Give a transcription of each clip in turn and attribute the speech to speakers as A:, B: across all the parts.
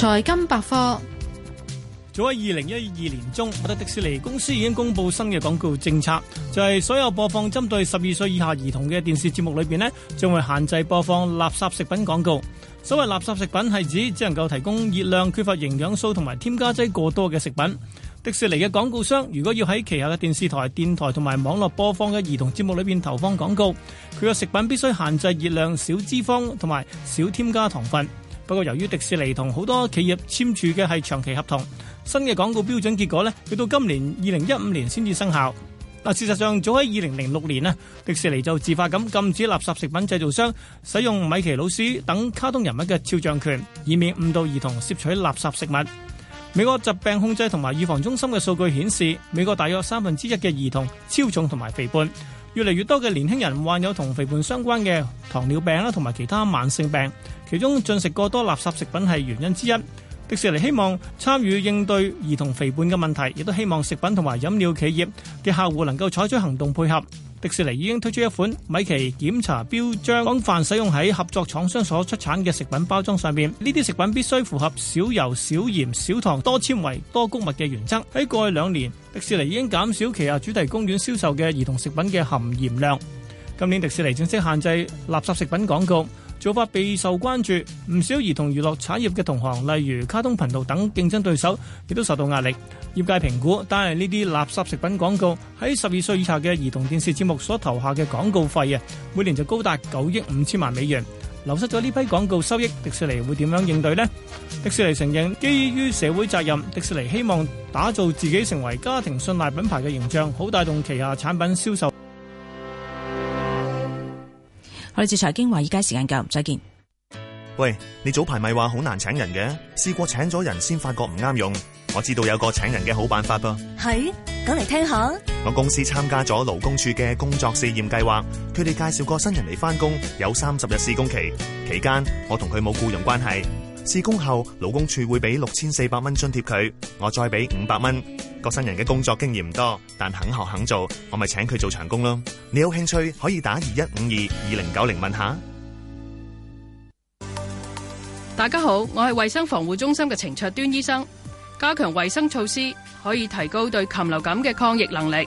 A: 財金百科。
B: 早喺二零一二年中，我得迪士尼公司已經公布新嘅廣告政策，就係、是、所有播放針對十二歲以下兒童嘅電視節目裏邊呢，將會限制播放垃圾食品廣告。所謂垃圾食品係指只能夠提供熱量缺乏、營養素同埋添加劑過多嘅食品。迪士尼嘅廣告商如果要喺旗下嘅電視台、電台同埋網絡播放嘅兒童節目裏邊投放廣告，佢嘅食品必須限制熱量、少脂肪同埋少添加糖分。不過，由於迪士尼同好多企業簽署嘅係長期合同，新嘅廣告標準結果呢，要到今年二零一五年先至生效。嗱，事實上早喺二零零六年迪士尼就自發咁禁止垃圾食品製造商使用米奇老鼠等卡通人物嘅肖像權，以免誤導兒童攝取垃圾食物。美國疾病控制同埋預防中心嘅數據顯示，美國大約三分之一嘅兒童超重同埋肥胖。越嚟越多嘅年輕人患有同肥胖相關嘅糖尿病啦，同埋其他慢性病，其中進食過多垃圾食品係原因之一。迪士尼希望參與應對兒童肥胖嘅問題，亦都希望食品同埋飲料企業嘅客戶能夠採取行動配合。迪士尼已經推出一款米奇檢查標章，廣泛使用喺合作廠商所出產嘅食品包裝上面。呢啲食品必須符合少油、少鹽、少糖、多纖維、多谷物嘅原則。喺過去兩年，迪士尼已經減少其他主題公園銷售嘅兒童食品嘅含鹽量。今年迪士尼正式限制垃圾食品廣告。做法備受關注，唔少兒童娛樂產業嘅同行，例如卡通頻道等競爭對手，亦都受到壓力。業界評估，單係呢啲垃圾食品廣告喺十二歲以下嘅兒童電視節目所投下嘅廣告費啊，每年就高達九億五千萬美元。流失咗呢批廣告收益，迪士尼會點樣應對呢？迪士尼承認，基於社會責任，迪士尼希望打造自己成為家庭信賴品牌嘅形象，好帶動旗下產品銷售。
A: 我哋自財經話依家時間夠再見。
C: 喂，你早排咪話好難請人嘅，試過請咗人先發覺唔啱用。我知道有個請人嘅好辦法噃，
A: 係
D: 講嚟聽下。
C: 我公司參加咗勞工處嘅工作試驗計劃，佢哋介紹過個新人嚟翻工，有三十日試工期，期間我同佢冇僱傭關係。試工後，勞工處會俾六千四百蚊津貼佢，我再俾五百蚊。個新人嘅工作經驗唔多，但肯學肯做，我咪請佢做長工咯。你有興趣可以打二一五二二零九零問下。
A: 大家好，我係衛生防護中心嘅程卓端醫生。加強衛生措施可以提高對禽流感嘅抗疫能力。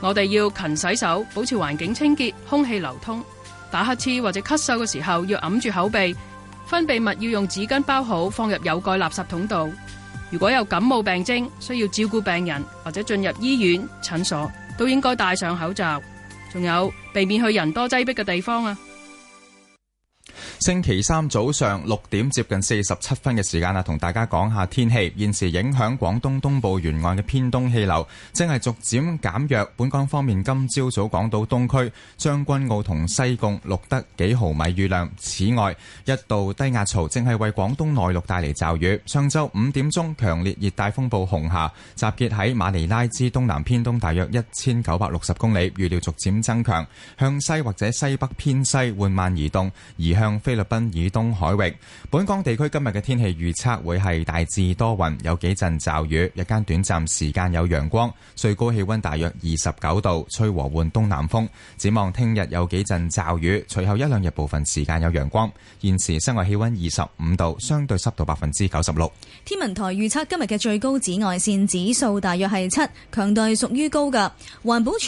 A: 我哋要勤洗手，保持環境清潔，空氣流通。打乞嗤或者咳嗽嘅時候要揞住口鼻。分泌物要用紙巾包好，放入有蓋垃圾桶度。如果有感冒病徵，需要照顧病人，或者進入醫院診所，都應該戴上口罩。仲有避免去人多擠逼嘅地方啊！
D: 星期三早上六點接近四十七分嘅時間啊，同大家講下天氣。現時影響廣東東部沿岸嘅偏東氣流正係逐漸減弱。本港方面今朝早港島，今朝早講到東區將軍澳同西貢錄得幾毫米雨量。此外，一道低壓槽正係為廣東內陸帶嚟驟雨。上晝五點鐘強烈熱帶風暴紅霞集結喺馬尼拉之東南偏東大約一千九百六十公里，預料逐漸增強，向西或者西北偏西緩慢移動，而向。菲律賓以東海域，本港地區今日嘅天氣預測會係大致多雲，有幾陣驟雨，日間短暫時間有陽光，最高氣溫大約二十九度，吹和緩東南風。展望聽日有幾陣驟雨，隨後一兩日部分時間有陽光。現時室外氣溫二十五度，相對濕度百分之九十六。天文台預測今日嘅最高紫外線指數大約係七，強度係屬於高噶環保署